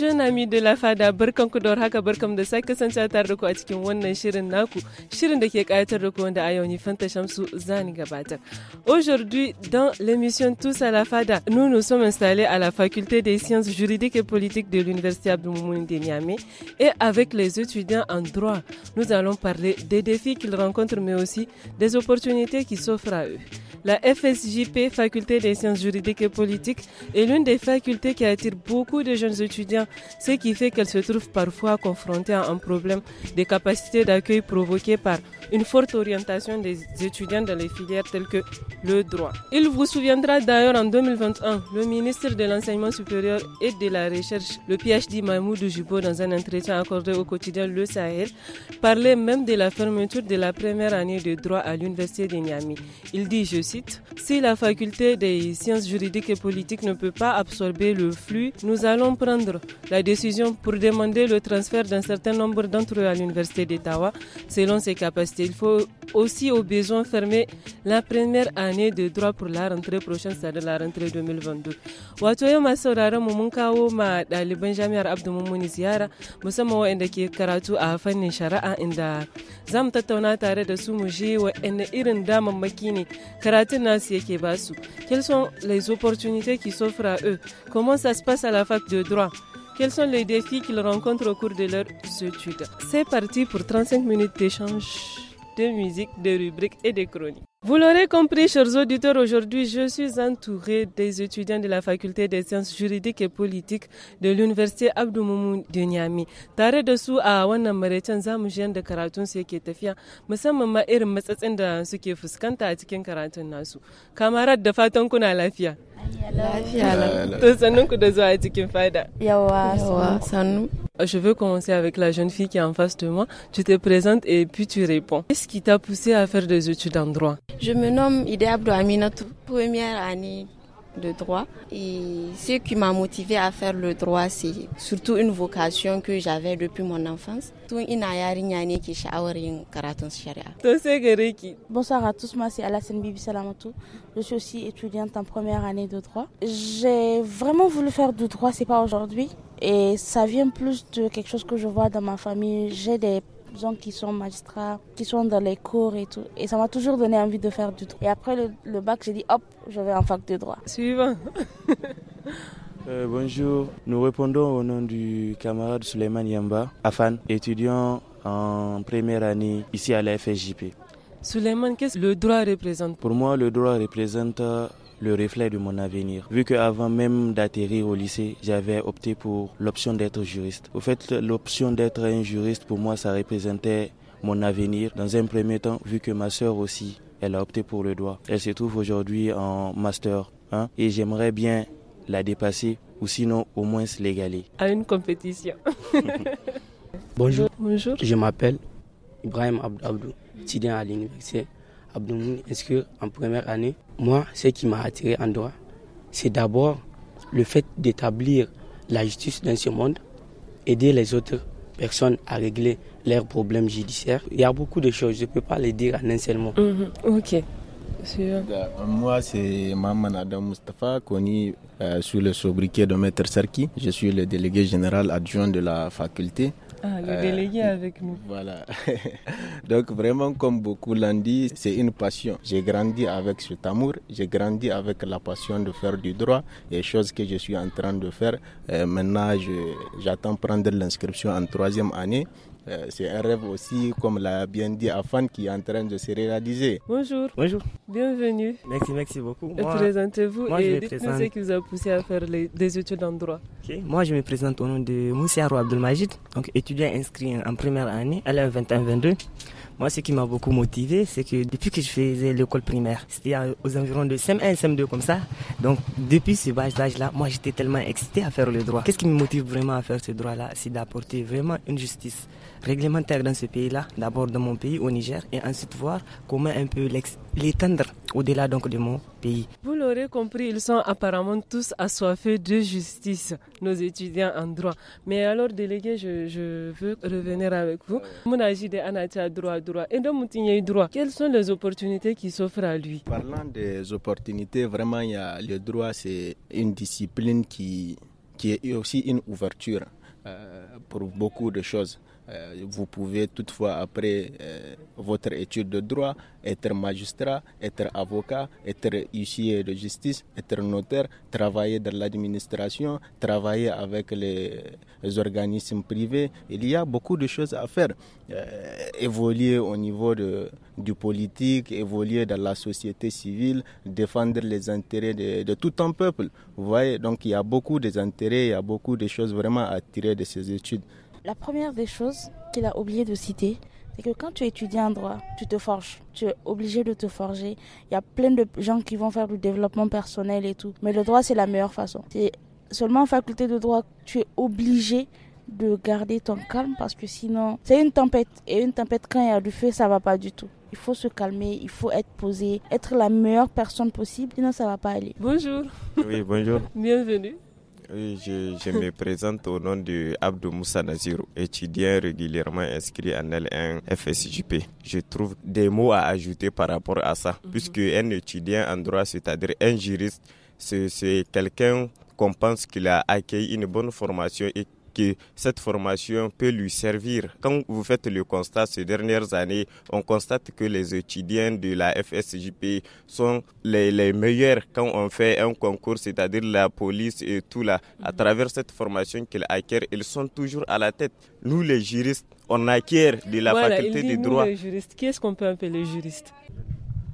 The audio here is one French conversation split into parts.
jeune ami de la fada Aujourd'hui dans l'émission Tous à la fada nous nous sommes installés à la faculté des sciences juridiques et politiques de l'université Abdoumouni de Niamey et avec les étudiants en droit nous allons parler des défis qu'ils rencontrent mais aussi des opportunités qui s'offrent à eux. La FSJP, Faculté des sciences juridiques et politiques, est l'une des facultés qui attire beaucoup de jeunes étudiants ce qui fait qu'elle se trouve parfois confrontée à un problème des capacités d'accueil provoquées par une forte orientation des étudiants dans les filières telles que le droit. Il vous souviendra d'ailleurs en 2021, le ministre de l'Enseignement supérieur et de la Recherche, le PhD Mahmoud Jubo, dans un entretien accordé au quotidien Le Sahel, parlait même de la fermeture de la première année de droit à l'université de Niamey. Il dit, je cite, Si la faculté des sciences juridiques et politiques ne peut pas absorber le flux, nous allons prendre la décision pour demander le transfert d'un certain nombre d'entre eux à l'université d'Ottawa selon ses capacités il faut aussi au besoin fermer la première année de droit pour la rentrée prochaine, c'est-à-dire la rentrée 2022. Quelles sont les opportunités qui s'offrent à eux? Comment ça se passe à la fac de droit? Quels sont les défis qu'ils rencontrent au cours de leurs études C'est parti pour 35 minutes d'échange de musique, de rubriques et de chroniques. Vous l'aurez compris, chers auditeurs, aujourd'hui, je suis entouré des étudiants de la faculté des sciences juridiques et politiques de l'université Abdou Moumouni de Niamey. Tare da su a wannan maraicen zamu ji de karatun su yake tafiya, musamman ma irin matsatsin da suke fuskanta a cikin karatun nasu. Kamarar da fatan kuna lafiya. Je veux commencer avec la jeune fille qui est en face de moi. Tu te présentes et puis tu réponds. Qu'est-ce qui t'a poussé à faire des études en droit Je me nomme Idea Aminatou, première année de droit. Et ce qui m'a motivé à faire le droit, c'est surtout une vocation que j'avais depuis mon enfance. Bonsoir à tous, moi c'est Alassane Bibi Salamatou. Je suis aussi étudiante en première année de droit. J'ai vraiment voulu faire du droit, c'est pas aujourd'hui. Et ça vient plus de quelque chose que je vois dans ma famille. J'ai des gens qui sont magistrats, qui sont dans les cours et tout. Et ça m'a toujours donné envie de faire du droit. Et après le, bac, j'ai dit hop, je vais en fac de droit. Suivant. Euh, bonjour, nous répondons au nom du camarade Suleyman Yamba, Afan, étudiant en première année ici à la FSJP. Suleyman, qu'est-ce que le droit représente Pour moi, le droit représente le reflet de mon avenir. Vu qu'avant même d'atterrir au lycée, j'avais opté pour l'option d'être juriste. Au fait, l'option d'être un juriste, pour moi, ça représentait mon avenir. Dans un premier temps, vu que ma sœur aussi, elle a opté pour le droit. Elle se trouve aujourd'hui en master 1 et j'aimerais bien la dépasser ou sinon au moins l'égaler. À une compétition. Bonjour. Bonjour. Je m'appelle Ibrahim Abdou, étudiant à l'université Abdoumouni que en première année. Moi, ce qui m'a attiré en droit, c'est d'abord le fait d'établir la justice dans ce monde, aider les autres personnes à régler leurs problèmes judiciaires. Il y a beaucoup de choses, je ne peux pas les dire en un seul mot. Mhm, euh, moi, c'est Maman Adam Mustafa, connu euh, sous le sobriquet de Maître Serki. Je suis le délégué général adjoint de la faculté. Ah, le délégué euh, avec nous. Voilà. Donc vraiment, comme beaucoup l'ont dit, c'est une passion. J'ai grandi avec cet amour, j'ai grandi avec la passion de faire du droit, Et choses que je suis en train de faire. Euh, maintenant, j'attends prendre l'inscription en troisième année. Euh, c'est un rêve aussi, comme l'a bien dit Afan, qui est en train de se réaliser. Bonjour. Bonjour. Bienvenue. Merci, merci beaucoup. Présentez-vous et dites-nous ce qui vous a poussé à faire des études en droit. Moi, je me présente au nom de Moussia Abdelmajid, donc étudiant inscrit en première année à l'an 21-22. Moi, ce qui m'a beaucoup motivé, c'est que depuis que je faisais l'école primaire, c'était aux environs de SEM 1 SEM 2 comme ça. Donc, depuis ce bas âge-là, moi, j'étais tellement excité à faire le droit. Qu'est-ce qui me motive vraiment à faire ce droit-là C'est d'apporter vraiment une justice réglementaire dans ce pays-là, d'abord dans mon pays, au Niger, et ensuite voir comment un peu l'étendre au-delà donc de mon pays. Vous l'aurez compris, ils sont apparemment tous assoiffés de justice, nos étudiants en droit. Mais alors, délégué, je, veux revenir avec vous. Mon droit, droit. Et de Moutigné droit, quelles sont les opportunités qui s'offrent à lui Parlant des opportunités, vraiment, il y a le droit, c'est une discipline qui, qui est aussi une ouverture euh, pour beaucoup de choses. Euh, vous pouvez toutefois, après euh, votre étude de droit, être magistrat, être avocat, être huissier de justice, être notaire, travailler dans l'administration, travailler avec les organismes privés. Il y a beaucoup de choses à faire. Euh, évoluer au niveau de, du politique, évoluer dans la société civile, défendre les intérêts de, de, tout un peuple. Vous voyez, donc il y a beaucoup d'intérêts, il y a beaucoup de choses vraiment à tirer de ces études. La première des choses qu'il a oublié de citer, c'est que quand tu étudies un droit, tu te forges. Tu es obligé de te forger. Il y a plein de gens qui vont faire du développement personnel et tout. Mais le droit, c'est la meilleure façon. C'est seulement en faculté de droit, tu es obligé de garder ton calme parce que sinon, c'est une tempête. Et une tempête, quand il y a du feu, ça va pas du tout. Il faut se calmer, il faut être posé, être la meilleure personne possible, sinon ça va pas aller. Bonjour. Oui, bonjour. Bienvenue je, me présente au nom de Abdou Moussa Nazir, étudiant régulièrement inscrit en L1 FSJP. Je trouve des mots à ajouter par rapport à ça, mhm. puisque un étudiant en droit, c'est-à-dire un juriste, c'est quelqu'un qu'on pense qu'il a accueilli une bonne formation et que cette formation peut lui servir. Quand vous faites le constat ces dernières années, on constate que les étudiants de la FSJP sont les, meilleurs quand on fait un concours, c'est-à-dire la police et tout là. À mhm. travers cette formation qu'ils acquièrent, ils sont toujours à la tête. Nous, les juristes, on acquiert de la faculté des droit. Qu'est-ce qu'on peut appeler juriste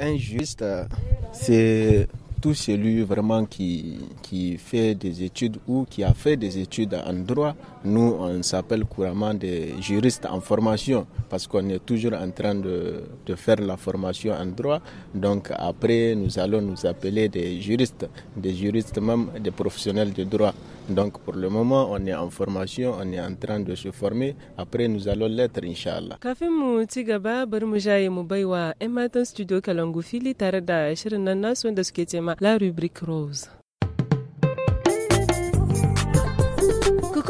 Un juriste, euh, c'est tout celui vraiment qui, fait des études ou qui a fait des études en droit, nous on s'appelle couramment des juristes en formation parce qu'on est toujours en train de, de, faire la formation en droit. Donc après nous allons nous appeler des juristes, des juristes même des professionnels de droit. Donc pour le moment, on est en formation, on est en train de se former. Après, nous allons l'être, Inch'Allah. Kafin mu ci gaba, bari mu jaye mu baiwa 'yan matan studio Kalangu fili tare da shirin nan nasu wanda suke cema La Rubrique Rose.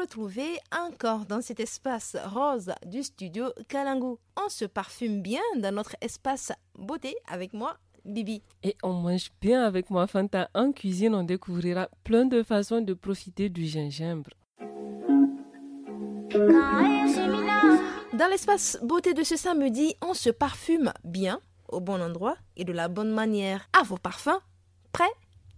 retrouver encore dans cet espace rose du studio Kalangu. On se parfume bien dans notre espace beauté avec moi, Bibi. Et on mange bien avec moi, Fanta. En cuisine, on découvrira plein de façons de profiter du gingembre. Dans l'espace beauté de ce samedi, on se parfume bien, au bon endroit et de la bonne manière. À vos parfums, prêts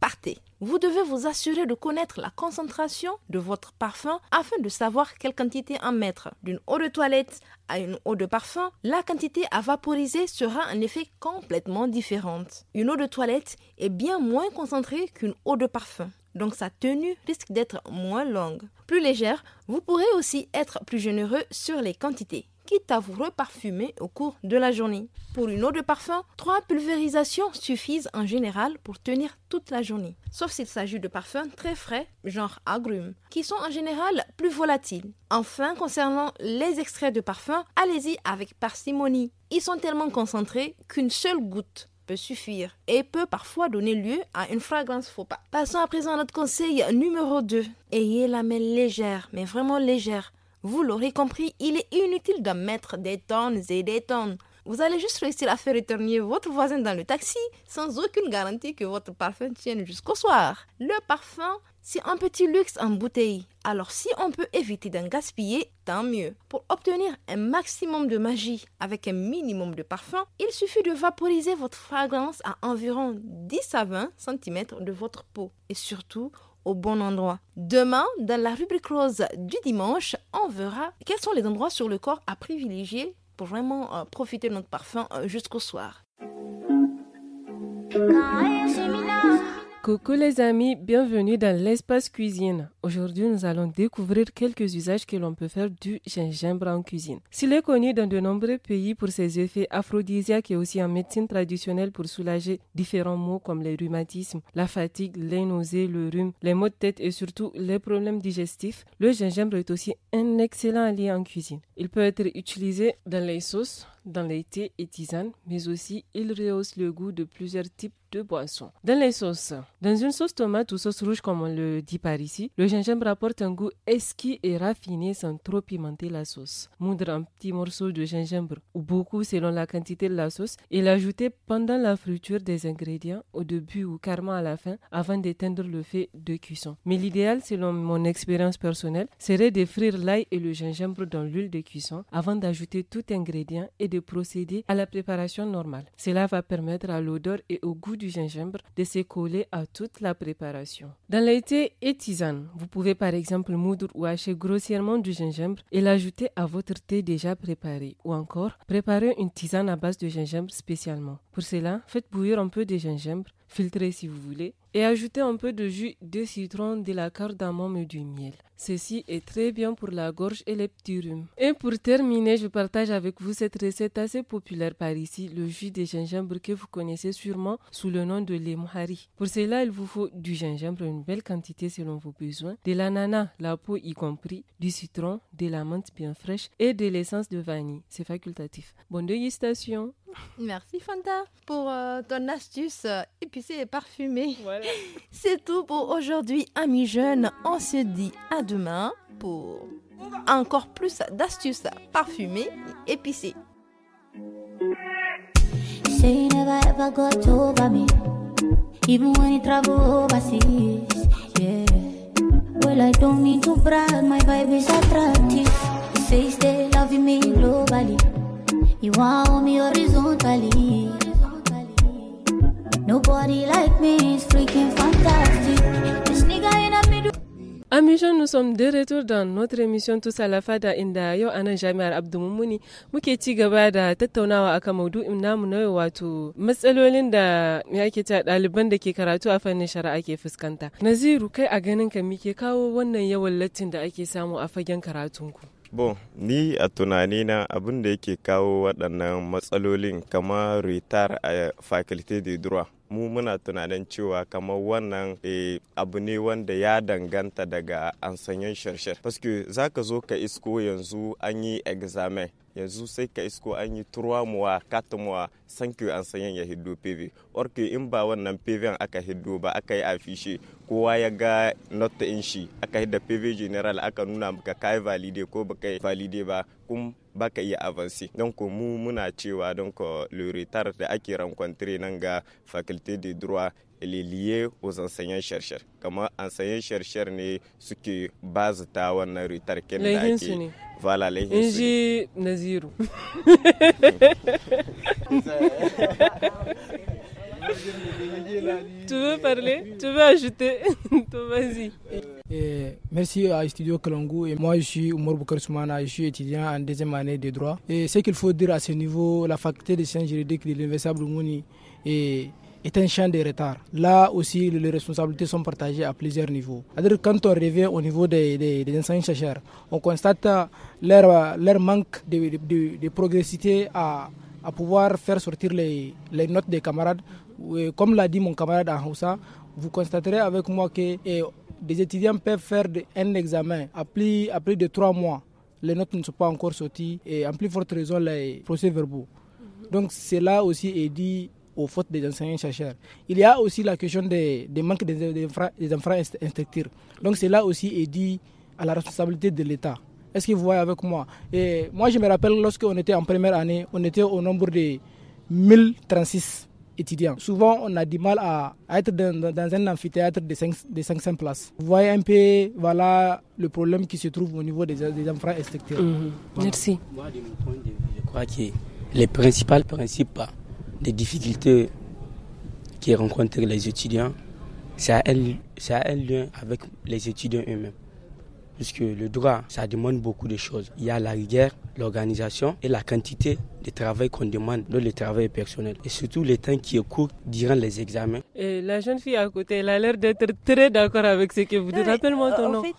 partez. Vous devez vous assurer de connaître la concentration de votre parfum afin de savoir quelle quantité en mettre. D'une eau de toilette à une eau de parfum, la quantité à vaporiser sera un effet complètement différente. Une eau de toilette est bien moins concentrée qu'une eau de parfum, donc sa tenue risque d'être moins longue. Plus légère, vous pourrez aussi être plus généreux sur les quantités qui vous reparfumer au cours de la journée. Pour une eau de parfum, trois pulvérisations suffisent en général pour tenir toute la journée, sauf s'il s'agit de parfums très frais, genre agrumes, qui sont en général plus volatiles. Enfin, concernant les extraits de parfums, allez-y avec parcimonie. Ils sont tellement concentrés qu'une seule goutte peut suffire et peut parfois donner lieu à une fragrance faux pas. Passons à présent à notre conseil numéro 2. Ayez la main légère, mais vraiment légère, vous l'aurez compris, il est inutile de mettre des tonnes et des tonnes. Vous allez juste réussir à faire éternuer votre voisin dans le taxi sans aucune garantie que votre parfum tienne jusqu'au soir. Le parfum, c'est un petit luxe en bouteille. Alors si on peut éviter d'en gaspiller, tant mieux. Pour obtenir un maximum de magie avec un minimum de parfum, il suffit de vaporiser votre fragrance à environ 10 à 20 cm de votre peau. Et surtout, au bon endroit. Demain, dans la rubrique rose du dimanche, on verra quels sont les endroits sur le corps à privilégier pour vraiment euh, profiter de notre parfum euh, jusqu'au soir. Ah, Coucou les amis, bienvenue dans l'espace cuisine. Aujourd'hui, nous allons découvrir quelques usages que l'on peut faire du gingembre en cuisine. S'il est connu dans de nombreux pays pour ses effets aphrodisiaques et aussi en médecine traditionnelle pour soulager différents maux comme les rhumatismes, la fatigue, les nausées, le rhume, les maux de tête et surtout les problèmes digestifs, le gingembre est aussi un excellent allié en cuisine. Il peut être utilisé dans les sauces, dans les thés et tisanes, mais aussi il rehausse le goût de plusieurs types de boissons. Dans les sauces, dans une sauce tomate ou sauce rouge comme on le dit par ici, le gingembre apporte un goût esquis et raffiné sans trop pimenter la sauce. Moudre un petit morceau de gingembre ou beaucoup selon la quantité de la sauce et l'ajouter pendant la friture des ingrédients au début ou carrément à la fin avant d'éteindre le fait de cuisson. Mais l'idéal selon mon expérience personnelle serait de l'ail et le gingembre dans l'huile de cuisson avant d'ajouter tout ingrédient et de procéder à la préparation normale. Cela va permettre à l'odeur et au goût du gingembre de se coller à toute la préparation. Dans l'été et tisane, vous pouvez par exemple moudre ou hacher grossièrement du gingembre et l'ajouter à votre thé déjà préparé ou encore préparer une tisane à base de gingembre spécialement. Pour cela, faites bouillir un peu de gingembre, Filtrez si vous voulez, et ajoutez un peu de jus de citron, de la cardamome et du miel. Ceci est très bien pour la gorge et les petits Et pour terminer, je partage avec vous cette recette assez populaire par ici, le jus de gingembre que vous connaissez sûrement sous le nom de lemhari. Pour cela, il vous faut du gingembre, une belle quantité selon vos besoins, de l'ananas, la peau y compris, du citron, de la menthe bien fraîche et de l'essence de vanille. C'est facultatif. Bonne dégustation! Merci Fanta pour euh, ton astuce euh, épicée et parfumée. C'est tout pour aujourd'hui, amis jeunes. On se dit à demain pour encore plus d'astuces parfumées et épicées. You wow me horizontally. Nobody like me is freaking fantastic. a nous sommes de retour dans notre émission Tous à la Fada inda yau anan jami'ar abdumumuni muke ci gaba da tattaunawa akan maudu'in namu na yau wato matsalolin da ya ke ta ɗaliban da ke karatu a fannin shari'a ke fuskanta. Naziru kai a ganin ka muke kawo wannan yawan lattin da ake samu a fagen karatunku. Bon, ni a na abin da yake kawo waɗannan matsalolin kamar retar a faculty de droit. mu muna tunanin cewa kamar wannan eh, abu ne wanda ya danganta daga ansanyen sharshar. Paske za ka zo ka isko yanzu an yi examen yanzu sai ka isko an yi turwa muwa katamuwa sanki an sanya ya hiddo pv orke in ba wannan pv aka hiddo ba aka yi afishe kowa ya ga not in shi aka hidda pv general aka nuna maka kai valide ko baka yi valide ba kun baka iya avansi don ko mu muna cewa don ko luritar da ake rankwantare nan ga faculty de droit elle est liée aux enseignants-chercheurs. Comment enseignants-chercheurs ne ce que ta wannan Ritarken kin da Voilà Naziru. tu veux parler Tu veux ajouter Vas-y. Eh, merci à Studio Kalangu. Et moi, je suis Oumar Boukar Je suis étudiant en deuxième année de droit. Et ce qu'il faut dire à ce niveau, la faculté de sciences juridiques de l'Université de Mouni est est un champ de retard. Là aussi, les responsabilités sont partagées à plusieurs niveaux. à quand on revient au niveau des, enseignants-chercheurs, on constate euh, euh, leur, manque de, progressité à, pouvoir faire sortir les, notes des camarades. comme l'a dit mon camarade Ahoussa, vous constaterez avec moi que eh, des étudiants peuvent faire un examen à plus, à plus de trois mois. Les notes ne sont pas encore sorties et en plus forte raison les procès verbaux. Mhm. Donc cela aussi est dit aux fautes des enseignants-chercheurs. Il y a aussi la question des, manques des, enfants instructeurs. Donc cela aussi est dit à la responsabilité de l'État. Est-ce que vous voyez avec moi Et moi, je me rappelle lorsqu'on était en première année, on était au nombre de 1036 étudiants. Souvent, on a du mal à, être dans, un amphithéâtre de, 5, de 500 places. Vous voyez un peu voilà, le problème qui se trouve au niveau des, enfants infrastructures. Mm-hmm. Merci. Moi, point de je crois que le principal principe, hein, les difficultés qui rencontrent les étudiants, ça a, un, lien avec les étudiants eux-mêmes. Puisque le droit, ça demande beaucoup de choses. Il y a la rigueur, l'organisation et la quantité de travail qu'on demande le travail personnel. Et surtout le temps qui est court durant les examens. Et la jeune fille à côté, elle a l'air d'être très d'accord avec ce que vous dites. Rappelle-moi ton euh, nom. En fait,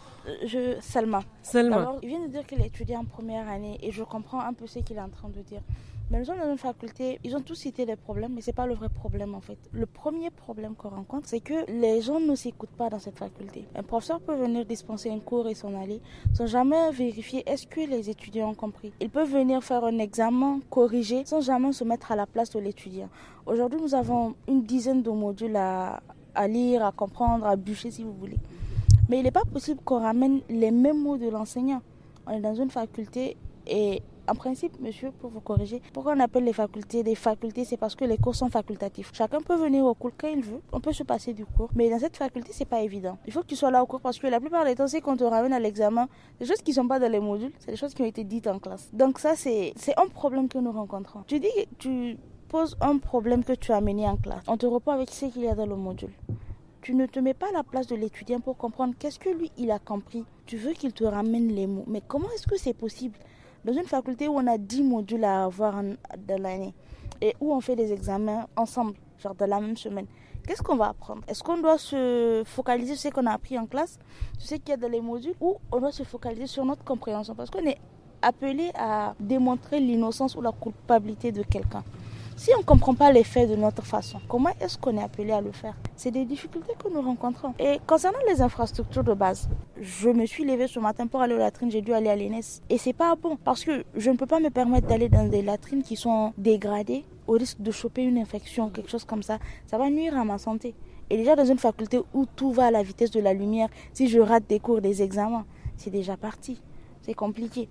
je, Salma. Alors il vient de dire qu'il étudie en première année et je comprends un peu ce qu'il est en train de dire gens dans une faculté, ils ont tous cité des problèmes, mais c'est pas le vrai problème en fait. Le premier problème qu'on rencontre, c'est que les gens ne s'écoutent pas dans cette faculté. Un professeur peut venir dispenser un cours et s'en aller, sans jamais vérifier est-ce que les étudiants ont compris. Il peut venir faire un examen, corriger, sans jamais se mettre à la place de l'étudiant. Aujourd'hui, nous avons une dizaine de modules à, à lire, à comprendre, à bûcher si vous voulez. Mais il n'est pas possible qu'on ramène les mêmes mots de l'enseignant. On est dans une faculté et en principe, monsieur, pour vous corriger, pourquoi on appelle les facultés des facultés C'est parce que les cours sont facultatifs. Chacun peut venir au cours quand il veut. On peut se passer du cours. Mais dans cette faculté, c'est pas évident. Il faut que tu sois là au cours parce que la plupart des temps, c'est qu'on te ramène à l'examen. Des choses qui sont pas dans les modules, c'est des choses qui ont été dites en classe. Donc ça, c'est un problème que nous rencontrons. Tu dis que tu poses un problème que tu as mené en classe. On te reprend avec ce qu'il y a dans le module tu ne te mets pas à la place de l'étudiant pour comprendre qu'est-ce que lui il a compris. Tu veux qu'il te ramène les mots, mais comment est-ce que c'est possible dans une faculté où on a 10 modules à avoir de dans l'année et où on fait des examens ensemble, genre dans la même semaine, qu'est-ce qu'on va apprendre Est-ce qu'on doit se focaliser sur ce qu'on a appris en classe, sur ce qu'il y a dans les modules, ou on doit se focaliser sur notre compréhension Parce qu'on est appelé à démontrer l'innocence ou la culpabilité de quelqu'un. Si on ne comprend pas les faits de notre façon, comment est-ce qu'on est appelé à le faire C'est des difficultés que nous rencontrons. Et concernant les infrastructures de base, je me suis levée ce matin pour aller aux latrines, j'ai dû aller à l'ENES. Et c'est pas bon parce que je ne peux pas me permettre d'aller dans des latrines qui sont dégradées au risque de choper une infection, quelque chose comme ça. Ça va nuire à ma santé. Et déjà dans une faculté où tout va à la vitesse de la lumière, si je rate des cours, des examens, c'est déjà parti. C'est compliqué.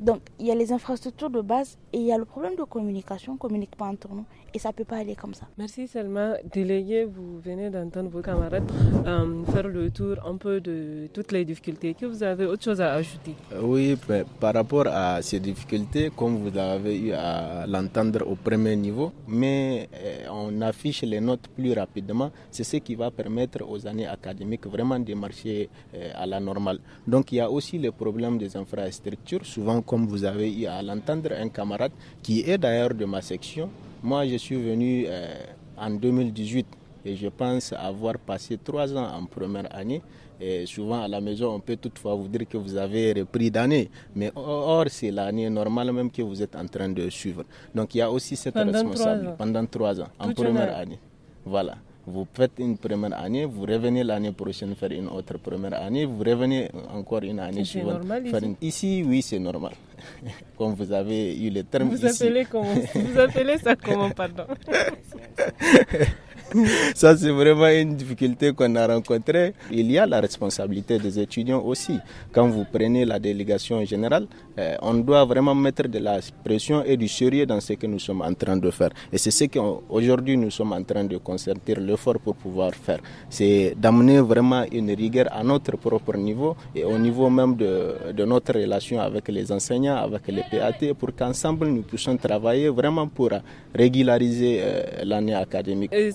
Donc, il y a les infrastructures de base et il y a le problème de communication. On communique pas entre nous et ça ne peut pas aller comme ça. Merci Selma. Délégué, vous venez d'entendre vos camarades euh, faire le tour un peu de toutes les difficultés. Que vous avez autre chose à ajouter euh, Oui, ben, par rapport à ces difficultés, comme vous avez eu à l'entendre au premier niveau, mais euh, on affiche les notes plus rapidement. C'est ce qui va permettre aux années académiques vraiment de marcher à la normale. Donc, il y a aussi le problème des infrastructures, souvent comme vous avez eu à l'entendre, un camarade qui est d'ailleurs de ma section. Moi, je suis venu euh, en 2018 et je pense avoir passé trois ans en première année. Et souvent à la maison, on peut toutefois vous dire que vous avez repris d'année, mais or, c'est l'année normale même que vous êtes en train de suivre. Donc il y a aussi cette responsabilité pendant trois ans, en première année. Voilà. Vous faites une première année, vous revenez l'année prochaine faire une autre première année, vous revenez encore une année suivante. Normal, ici. oui, c'est normal. comme vous avez eu le terme vous Appelez vous appelez ça comment, pardon Ça, c'est vraiment une difficulté qu'on a rencontrée. Il y a la responsabilité des étudiants aussi. Quand vous prenez la délégation générale, euh, on doit vraiment mettre de la pression et du sérieux dans ce que nous sommes en train de faire. Et c'est ce qu'aujourd'hui nous sommes en train de concentrer l'effort pour pouvoir faire. C'est d'amener vraiment une rigueur à notre propre niveau et au niveau même de, notre relation avec les enseignants, avec les PAT, pour qu'ensemble nous puissions travailler vraiment pour régulariser euh, l'année académique. Et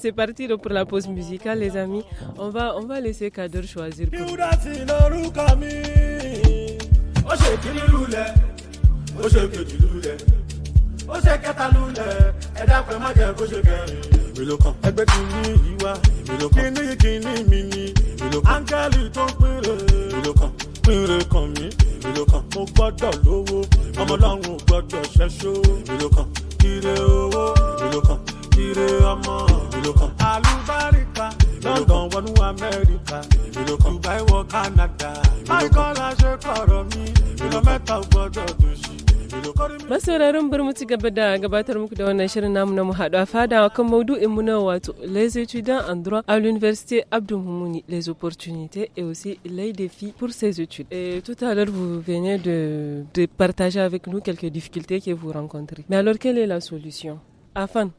pour la pause musicale, les amis. On va, on va laisser Kader choisir les étudiants en droit à l'université Abdou les opportunités et aussi les défis pour ces études. Et tout à l'heure vous venez de, de partager avec nous quelques difficultés que vous rencontrez. Mais alors quelle est la solution? Afan,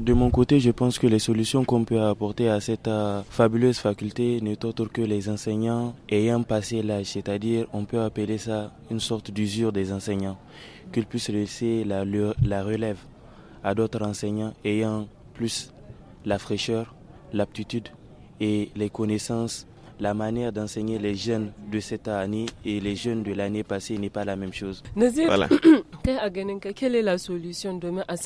de mon côté, je pense que les solutions qu'on peut apporter à cette euh, fabuleuse faculté n'est autre que les enseignants ayant passé l'âge, c'est-à-dire on peut appeler ça une sorte d'usure des enseignants, qu'ils puissent laisser la, relève à d'autres enseignants ayant plus la fraîcheur, l'aptitude et les connaissances la manière d'enseigner les jeunes de cette année et les jeunes de l'année passée n'est pas la même chose. voilà. quelle est la solution demain à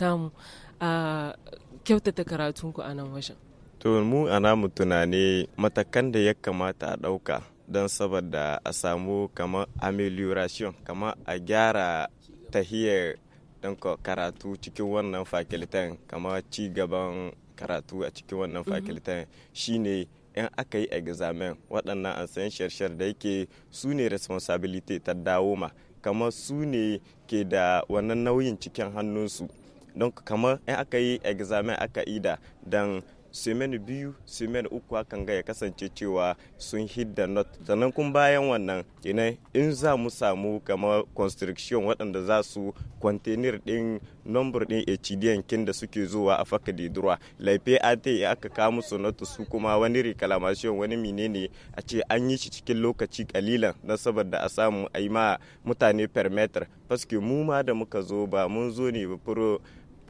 kyautata karatunku a nan washin? To mu a namu tunani matakan da ya kamata a ɗauka don saboda a samu kama amelioration kama a gyara tahiyar don karatu cikin wannan fakilitan kamar ci gaban karatu a cikin wannan mhm. fakilitan shine yan aka yi examen waɗannan an san sharshar da yake su ne responsibility ta dawo ma kama su ne ke da wannan nauyin cikin hannunsu don kamar in aka yi examen aka ida dan semenu biyu semenu uku hakan ga ya kasance cewa sun hidda not sannan kun bayan wannan kenan in za mu samu kamar constriction waɗanda za su kwantenir ɗin number ɗin hd kin da suke zuwa a faka didura laife ate ya aka kawo musu not su kuma wani reclamation wani menene a ce an yi shi cikin lokaci kalilan na saboda a samu a yi ma mutane permeter paske mu ma da muka zo ba mun zo ne ba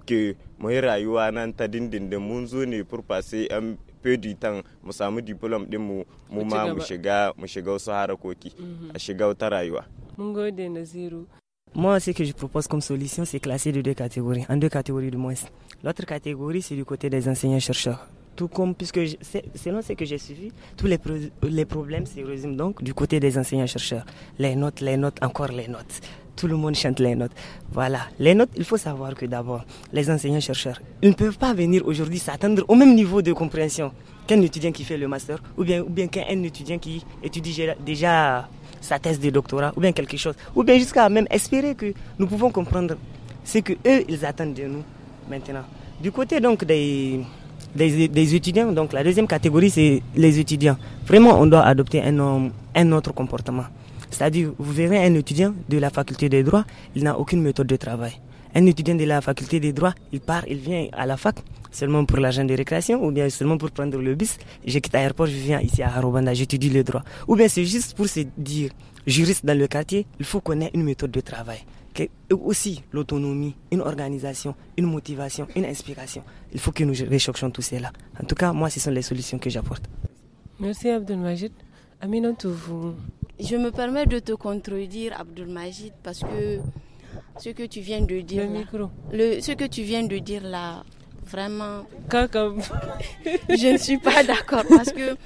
que mu yi rayuwa nan ta dindindin mun zo ne furfase an fedi tan mu samu diplom din mu mu ma mu shiga mu shiga wasu harakoki mhm. a shiga wata rayuwa mun gode naziru Moi, ce que je propose comme solution, c'est classer de deux catégories, en deux catégories de moins. L'autre catégorie, c'est du côté des enseignants-chercheurs. Tout comme, puisque selon ce que j'ai suivi, tous les, les problèmes se résument donc du côté des enseignants-chercheurs. Les notes, les notes, encore les notes tout le monde chante les notes. Voilà, les notes, il faut savoir que d'abord, les enseignants-chercheurs, ils ne peuvent pas venir aujourd'hui s'attendre au même niveau de compréhension qu'un étudiant qui fait le master, ou bien, ou bien qu'un étudiant qui étudie déjà sa thèse de doctorat, ou bien quelque chose, ou bien jusqu'à même espérer que nous pouvons comprendre ce que eux ils attendent de nous maintenant. Du côté donc des, étudiants, donc la deuxième catégorie, c'est les étudiants. Vraiment, on doit adopter un autre comportement. C'est-à-dire, vous verrez un étudiant de la faculté des droits, il n'a aucune méthode de travail. Un étudiant de la faculté des droits, il part, il vient à la fac seulement pour l'argent de récréation ou bien seulement pour prendre le bus. Je quitte l'aéroport, je viens ici à Harobanda, j'étudie le droit. Ou bien c'est juste pour se dire, juriste dans le quartier, il faut qu'on ait une méthode de travail. aussi l'autonomie, une organisation, une motivation, une inspiration. Il faut que nous réchauffions tout cela. En tout cas, moi, ce sont les solutions que j'apporte. Merci Abdelmajid. Aminantou, vous je me permets de te contredire, Majid, parce que ce que tu viens de dire. Le là, micro. ce que tu viens de dire là, vraiment. je ne suis pas d'accord parce que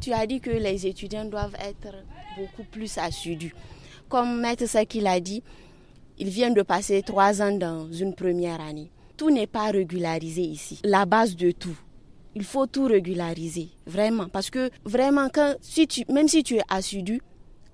tu as dit que les étudiants doivent être beaucoup plus assidus. Comme Maître Saki l'a dit, ils viennent de passer trois ans dans une première année. Tout n'est pas régularisé ici. La base de tout, il faut tout régulariser, vraiment. Parce que vraiment, quand, si même si tu es assidu,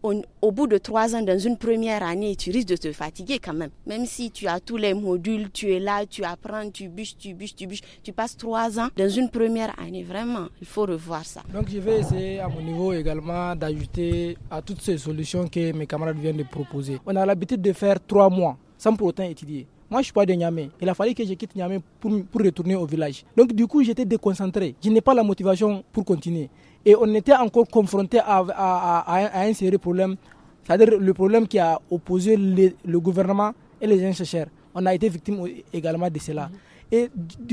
au bout de trois ans, dans une première année, tu risques de te fatiguer quand même. Même si tu as tous les modules, tu es là, tu apprends, tu bûches, tu bûches, tu bûches, tu passes trois ans dans une première année. Vraiment, il faut revoir ça. Donc je vais essayer à mon niveau également d'ajouter à toutes ces solutions que mes camarades viennent de proposer. On a l'habitude de faire trois mois sans pour autant étudier. Moi, je suis pas de Niamey. Il a fallu que je quitte Niamey pour, pour retourner au village. Donc, du coup, j'étais déconcentré. Je n'ai pas la motivation pour continuer. Et on était encore confronté à, à, un sérieux problème, c'est-à-dire le problème qui a opposé le, gouvernement et les ingénieurs. On a été victime également de cela. Mhm. Et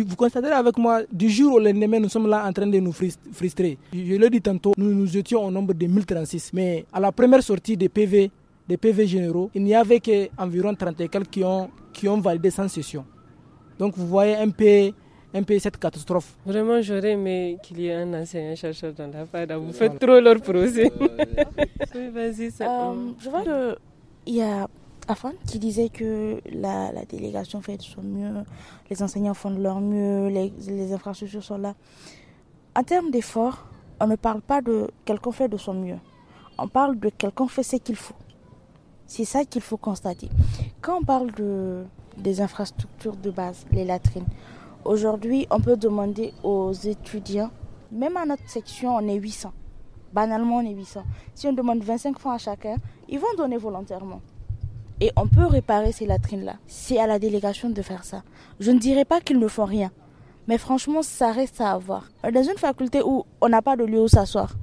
vous constaterez avec moi, du jour au lendemain, nous sommes là en train de nous frustrer. Je, l'ai dit tantôt, nous nous étions au nombre de 1036. Mais à la première sortie des PV, des PV généraux, il n'y avait qu'environ 30 et quelques qui ont, qui ont validé sans session. Donc vous voyez un peu un cette catastrophe. Vraiment, j'aurais aimé qu'il y ait un enseignant chercheur dans la FADA. Vous faites trop leur procès. oui, vas-y, ça. Euh, je vois qu'il y a Afan qui disait que la, délégation fait de son mieux, les enseignants font de leur mieux, les, les infrastructures sont là. En termes d'efforts, on ne parle pas de quelqu'un fait de son mieux. On parle de quelqu'un fait ce qu'il faut. C'est ça qu'il faut constater. Quand on parle de, des infrastructures de base, les latrines, aujourd'hui, on peut demander aux étudiants, même à notre section, on est 800. Banalement, on est 800. Si on demande 25 francs à chacun, ils vont donner volontairement. Et on peut réparer ces latrines-là. C'est à la délégation de faire ça. Je ne dirais pas qu'ils ne font rien. Mais franchement, ça reste à avoir. Dans une faculté où on n'a pas de lieu où s'asseoir,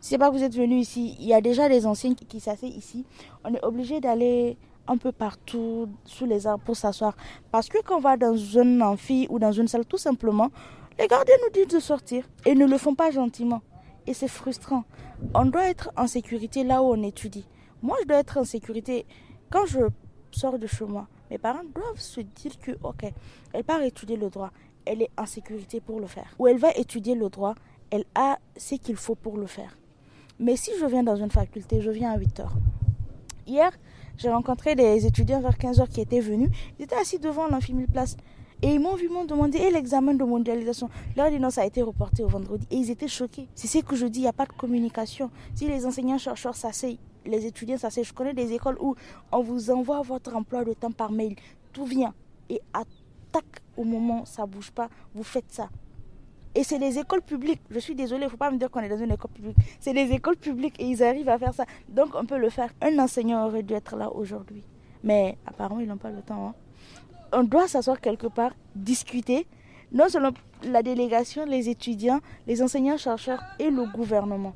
c'est pas que vous êtes venu ici, il y a déjà des anciens qui, s'assoient ici. On est obligé d'aller un peu partout sous les arbres pour s'asseoir. Parce que quand on va dans une amphi ou dans une salle, tout simplement, les gardiens nous disent de sortir et ne le font pas gentiment. Et c'est frustrant. On doit être en sécurité là où on étudie. Moi, je dois être en sécurité quand je sors de chez moi. Mes parents doivent se dire que, ok, elle part étudier le droit, elle est en sécurité pour le faire. Ou elle va étudier le droit, elle a ce qu'il faut pour le faire. Mais si je viens dans une faculté, je viens à 8 heures. Hier, j'ai rencontré des étudiants vers 15 heures qui étaient venus. Ils étaient assis devant l'infini place. Et ils m'ont vu, m'ont demandé, et l'examen de mondialisation Leur dit non, ça a été reporté au vendredi. Et ils étaient choqués. C'est ce que je dis, il n'y a pas de communication. Si les enseignants-chercheurs s'asseyent, les étudiants s'asseyent, je connais des écoles où on vous envoie votre emploi de temps par mail. Tout vient. Et attaque au moment, ça bouge pas, vous faites ça. Et c'est les écoles publiques. Je suis désolée, il ne faut pas me dire qu'on est dans une école publique. C'est les écoles publiques et ils arrivent à faire ça. Donc on peut le faire. Un enseignant aurait dû être là aujourd'hui. Mais apparemment, ils n'ont pas le temps. Hein. On doit s'asseoir quelque part, discuter. Non seulement la délégation, les étudiants, les enseignants-chercheurs et le gouvernement.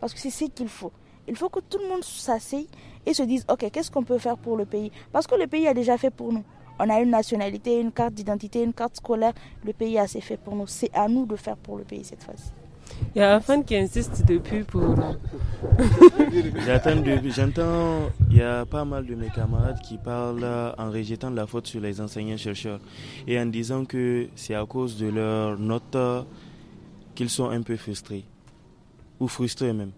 Parce que c'est ce qu'il faut. Il faut que tout le monde s'asseye et se dise, OK, qu'est-ce qu'on peut faire pour le pays Parce que le pays a déjà fait pour nous. On a une nationalité, une carte d'identité, une carte scolaire. Le pays a assez fait pour nous. C'est à nous de faire pour le pays cette fois-ci. Il y a Afan qui insiste depuis pour. J'entends, il y a pas mal de mes camarades qui parlent en rejetant la faute sur les enseignants-chercheurs et en disant que c'est à cause de leurs notes qu'ils sont un peu frustrés ou frustrés même.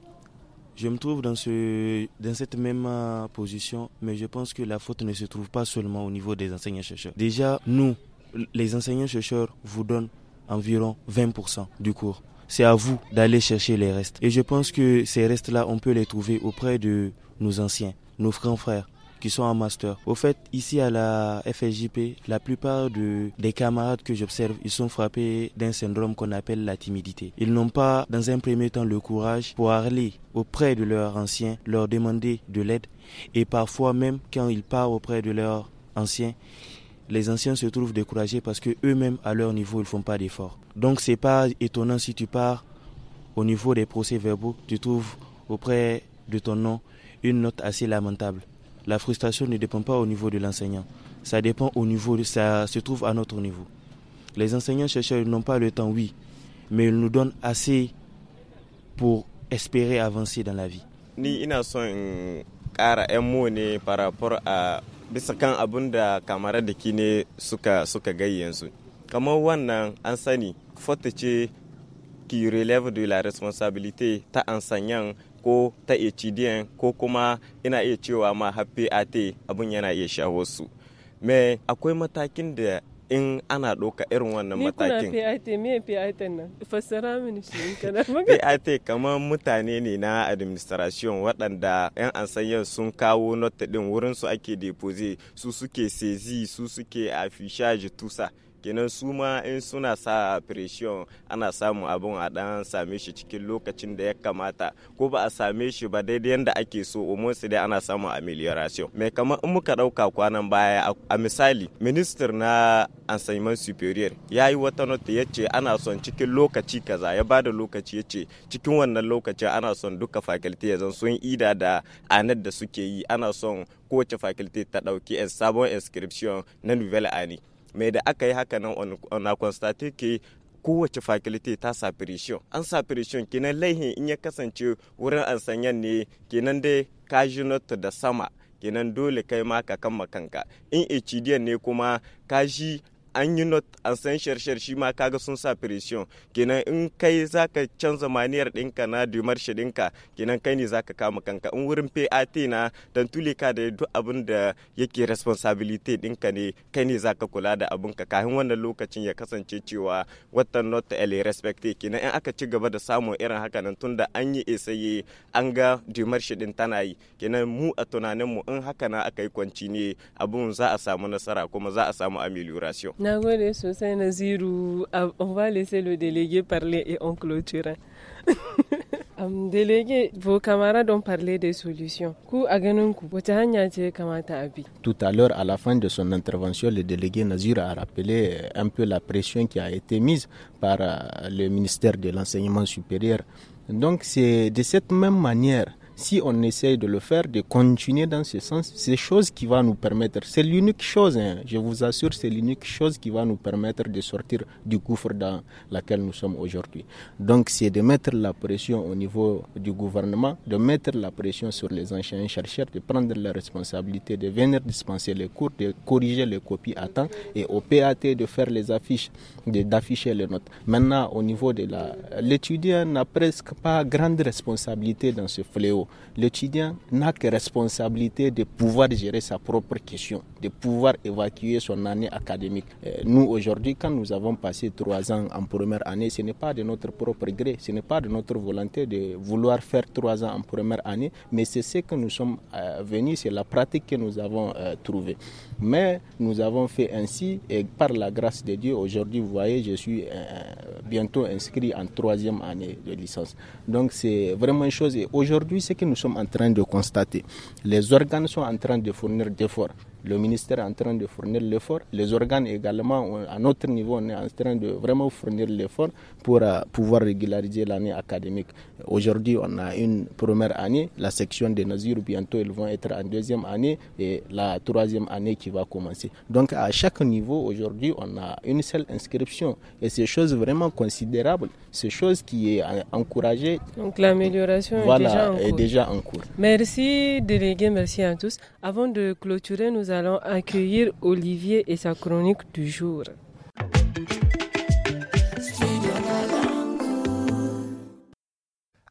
Je me trouve dans, ce, dans cette même euh, position, mais je pense que la faute ne se trouve pas seulement au niveau des enseignants-chercheurs. Déjà, nous, les enseignants-chercheurs, vous donnent environ 20% du cours. C'est à vous d'aller chercher les restes. Et je pense que ces restes-là, on peut les trouver auprès de nos anciens, nos grands frères, sont en master. Au fait, ici à la FSJP, la plupart des camarades que j'observe, ils sont frappés d'un syndrome qu'on appelle la timidité. Ils n'ont pas, dans un premier temps, le courage pour aller auprès de leurs anciens, leur demander de l'aide. Et parfois même, quand ils partent auprès de leurs anciens, les anciens se trouvent découragés parce que eux-mêmes, à leur niveau, ils font pas d'efforts. Donc, c'est pas étonnant si tu pars au niveau des procès verbaux, tu trouves auprès de ton nom une note assez lamentable la frustration ne dépend pas au niveau de l'enseignant. Ça dépend au niveau, ça se trouve à notre niveau. Les enseignants chercheurs n'ont pas le temps, oui, mais ils nous donnent assez pour espérer avancer dans la vie. ni ina son kara ƙara 'yan à ne farafar a bisa kan abin kamar da kine suka suka yanzu kamar wannan an sani faut qui relève de la responsabilité ta enseignant ko ta hdn ko kuma ina iya cewa ma pat abin yana iya shawo su me akwai matakin da in ana ɗauka irin wannan matakin. Ni kuna nan? mini shi kana A kamar mutane ne na administration waɗanda 'yan ansanyan sun kawo not ɗin wurin su ake depose su suke sezi su suke afishaji tusa. kenan su ma in suna sa presion ana samu abin a dan same shi cikin lokacin da ya kamata ko ba a same shi ba daidai yadda ake so umar su dai ana samun amelioration mai kama in muka dauka kwanan baya a misali minister na enseignement superior ya yi wata nota ya ce ana son cikin lokaci kaza ya ba da lokaci ya ce cikin wannan lokacin ana son duka faculty ya zan sun ida da anar e da suke yi ana son kowace faculty ta dauki sabon inscription na nouvelle année mai da aka yi haka nan na constate ke kowace faculty ta safirishiyon an safirishiyon kenan laihin in ya kasance wurin an sanyan ne kenan dai kajinot da sama kenan dole kai ma ka kanka in ecidiyan ne kuma kaji an yi not an san sharshar shi ma kaga sun sa presiyon kenan in kai zaka canza maniyar dinka na dumar shi dinka kenan kai ne zaka kama kanka in wurin pat na dan ka da duk abin da yake responsibility ɗinka ne kai ne zaka kula da abin ka kafin wannan lokacin ya kasance cewa watan not ele respecte kenan in aka ci gaba da samun irin haka nan tunda an yi esaye an ga dumar shi din tana yi kenan mu a tunaninmu in haka na aka yi kwanci ne abin za a samu nasara kuma za a samu amelioration on va laisser le délégué parler et on clôture. délégué, vos camarades ont parlé des solutions. Tout à l'heure, à la fin de son intervention, le délégué Nazir a rappelé euh, un peu la pression qui a été mise par euh, le ministère de l'Enseignement supérieur. Donc, c'est de cette même manière si on essaye de le faire, de continuer dans ce sens, c'est chose qui va nous permettre, c'est l'unique chose, hein. je vous assure, c'est l'unique chose qui va nous permettre de sortir du gouffre dans lequel nous sommes aujourd'hui. Donc c'est de mettre la pression au niveau du gouvernement, de mettre la pression sur les anciens chercheurs, de prendre la responsabilité, de venir dispenser les cours, de corriger les copies à temps et au PAT de faire les affiches, d'afficher les notes. Maintenant, au niveau de la... L'étudiant n'a presque pas grande responsabilité dans ce fléau l'étudiant n'a que responsabilité de pouvoir gérer sa propre question, de pouvoir évacuer son année académique. Euh, nous, aujourd'hui, quand nous avons passé trois ans en première année, ce n'est pas de notre propre gré, ce n'est pas de notre volonté de vouloir faire trois ans en première année, mais c'est ce que nous sommes euh, venus, c'est la pratique que nous avons euh, trouvée. Mais nous avons fait ainsi et par la grâce de Dieu, aujourd'hui, vous voyez, je suis euh, bientôt inscrit en troisième année de licence. Donc c'est vraiment une chose. Et aujourd'hui, ce que nous sommes en train de constater, les organes sont en train de fournir d'efforts le ministère est en train de fournir l'effort. Les organes également, euh, à notre niveau, on est en train de vraiment fournir l'effort pour euh, pouvoir régulariser l'année académique. Aujourd'hui, on a une première année, la section des Nazirs, bientôt ils vont être en deuxième année et la troisième année qui va commencer. Donc à chaque niveau, aujourd'hui, on a une seule inscription et c'est chose vraiment considérable, c'est chose qui est euh, encouragée. Donc l'amélioration est, déjà en cours. Merci délégué, merci à tous. Avant de clôturer, nous allons accueillir Olivier et sa chronique du jour.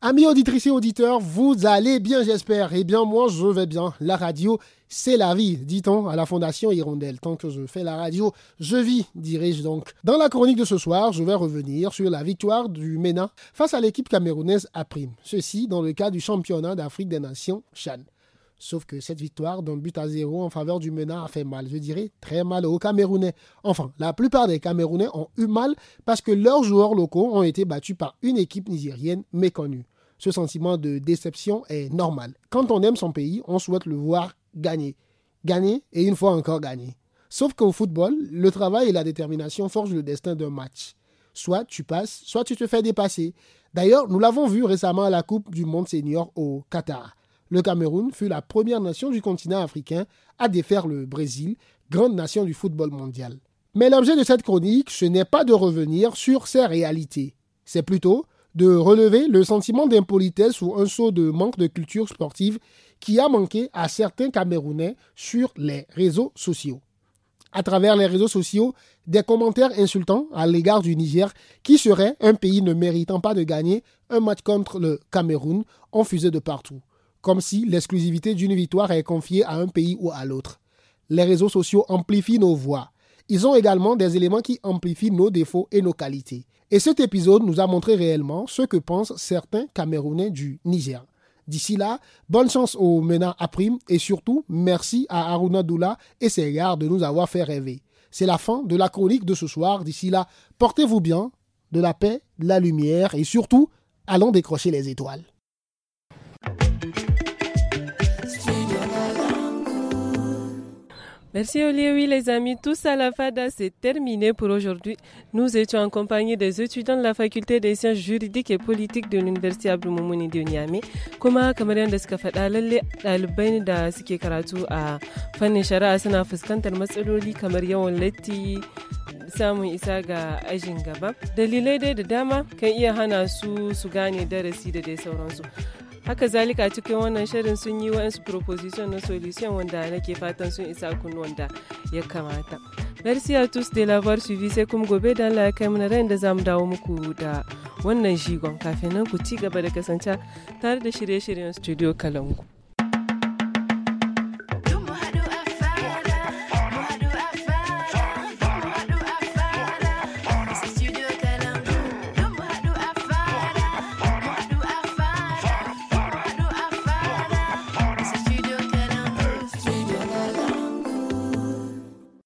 Amis auditrices et auditeurs, vous allez bien, j'espère. Eh bien, moi, je vais bien. La radio, c'est la vie, dit-on à la Fondation Hirondelle. Tant que je fais la radio, je vis, dirais-je donc. Dans la chronique de ce soir, je vais revenir sur la victoire du MENA face à l'équipe camerounaise à prime. Ceci dans le cas du championnat d'Afrique des Nations, Chan. Sauf que cette victoire d'un but à zéro en faveur du Mena a fait mal, je dirais très mal aux Camerounais. Enfin, la plupart des Camerounais ont eu mal parce que leurs joueurs locaux ont été battus par une équipe nigérienne méconnue. Ce sentiment de déception est normal. Quand on aime son pays, on souhaite le voir gagner. Gagner et une fois encore gagner. Sauf qu'au football, le travail et la détermination forgent le destin d'un match. Soit tu passes, soit tu te fais dépasser. D'ailleurs, nous l'avons vu récemment à la Coupe du Monde Senior au Qatar. Le Cameroun fut la première nation du continent africain à défaire le Brésil, grande nation du football mondial. Mais l'objet de cette chronique, ce n'est pas de revenir sur ces réalités, c'est plutôt de relever le sentiment d'impolitesse ou un saut de manque de culture sportive qui a manqué à certains Camerounais sur les réseaux sociaux. À travers les réseaux sociaux, des commentaires insultants à l'égard du Niger, qui serait un pays ne méritant pas de gagner un match contre le Cameroun, ont fusé de partout comme si l'exclusivité d'une victoire est confiée à un pays ou à l'autre. Les réseaux sociaux amplifient nos voix. Ils ont également des éléments qui amplifient nos défauts et nos qualités. Et cet épisode nous a montré réellement ce que pensent certains Camerounais du Niger. D'ici là, bonne chance au Mena prime et surtout merci à Aruna Doula et ses gars de nous avoir fait rêver. C'est la fin de la chronique de ce soir. D'ici là, portez-vous bien, de la paix, de la lumière et surtout, allons décrocher les étoiles. Merci Olivier, les amis. Tout ça, la FADA, c'est terminé pour aujourd'hui. Nous étions en compagnie des étudiants de la faculté des sciences juridiques et politiques de l'université Abdoumouni de Niamey. Kuma kamar yadda suka faɗa lalle da suke karatu a fannin shari'a suna fuskantar matsaloli kamar yawan latti samun Isaga, ajin gaba. Dalilai dai da dama kan iya hana su su gane darasi de dai sauransu. haka zalika cikin wannan shirin sun yi wa'ansu proposition na solution wanda nake fatan sun isa kun wanda ya kamata merci à tous de l'avoir suivi sai kuma gobe da Allah ya kai mana ran da zamu dawo muku da wannan shigon kafin nan ku ci gaba da kasance tare da shirye-shiryen studio kalangu